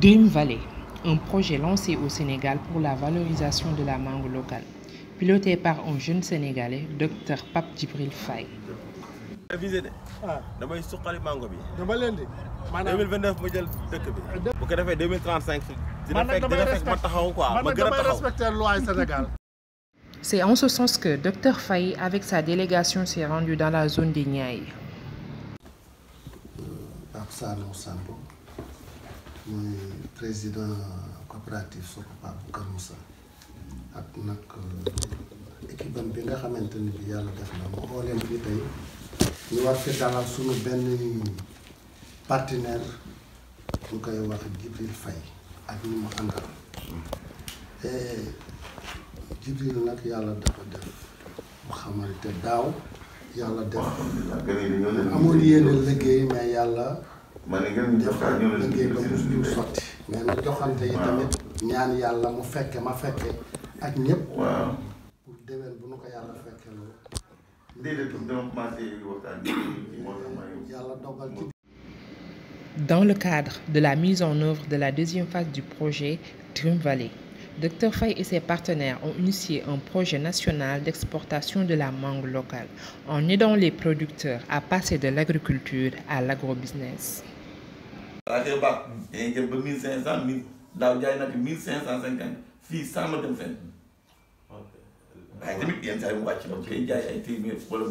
Dream Valley, un projet lancé au Sénégal pour la valorisation de la mangue locale, piloté par un jeune Sénégalais, Dr Pape Djibril Faye. visé de ah. damay suqali mango bi. dama leen di. maanaam 2029 ma jël dëkk bi. bu ko defee 2035. dina fekk dina fekk ma taxaw quoi ma gën a taxaw man nag damay loi Sénégal. C'est en ce sens que Dr Faye, avec sa délégation, s'est rendu dans la zone des Niayes. muy président coopérative Sokopa bu Kër Moussa ak nag euh, équipe bi nga xamante ni bi yàlla def na mu xooleen fii tey ñu war fi dalal suñu benn partenaire ñu koy wax Djibril fay ak ñi mu àndal Djibril nag yàlla dafa def mu xamante daaw yàlla def amul yéene liggéey mais yàlla Dans le cadre de la mise en œuvre de la deuxième phase du projet Dream Valley Docteur Fay et ses partenaires ont initié un projet national d'exportation de la mangue locale en aidant les producteurs à passer de l'agriculture à l'agrobusiness. Il y a 1500 ans, il y a 1500 ans, il y a 1500 ans, il y a 100 ans, il y a 200 ans. Il y a des gens qui ont vu, il D'accord.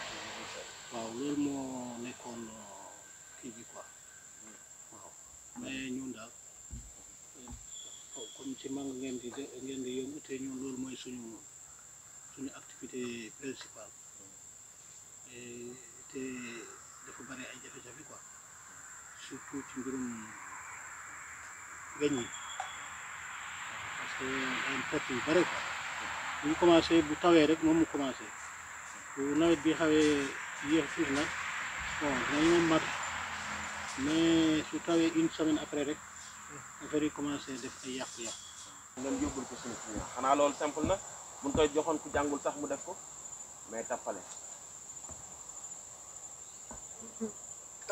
waaw loolu moo nekkoon uh, kii bi quoi waaw mais ñun daal comme ci mang ngeen di ngeen di yëngu te ñun loolu mooy suñu suñu activité principale te dafa bari ay jafe-jafe quoi surtout ci mbirum weñ yi parce que daan perte yu bare quoi bu commencé bu tawee rek moom mu commencé bu nawet bi xawee hier iya, sur lah bon dinañ ma mat mais su tawee une semaine après rek eh. affaire yi commencé def ay yàq-yàq. ngeen yóbbul ko suñu client xanaa loolu simple na buñ koy joxoon ku jàngul sax mu def ko mais tappale.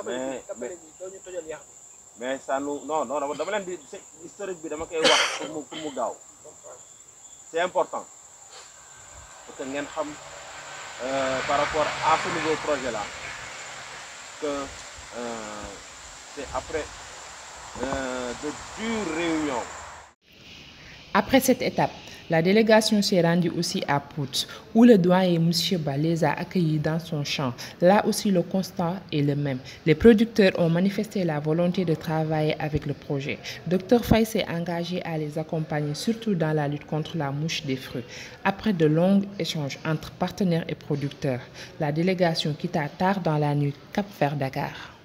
mais tappale bi doo tojal yàq bi. mais ça non non dama leen di historique bi dama koy wax pour mu pour mu gaaw. c'est important parce que ngeen xam. Euh, par rapport à ce nouveau projet-là que euh, c'est après euh, de dures réunions. Après cette étape, la délégation s'est rendue aussi à Pout, où le doyen M. les a accueilli dans son champ. Là aussi, le constat est le même. Les producteurs ont manifesté la volonté de travailler avec le projet. Dr Fay s'est engagé à les accompagner, surtout dans la lutte contre la mouche des fruits. Après de longs échanges entre partenaires et producteurs, la délégation quitta tard dans la nuit cap verdagar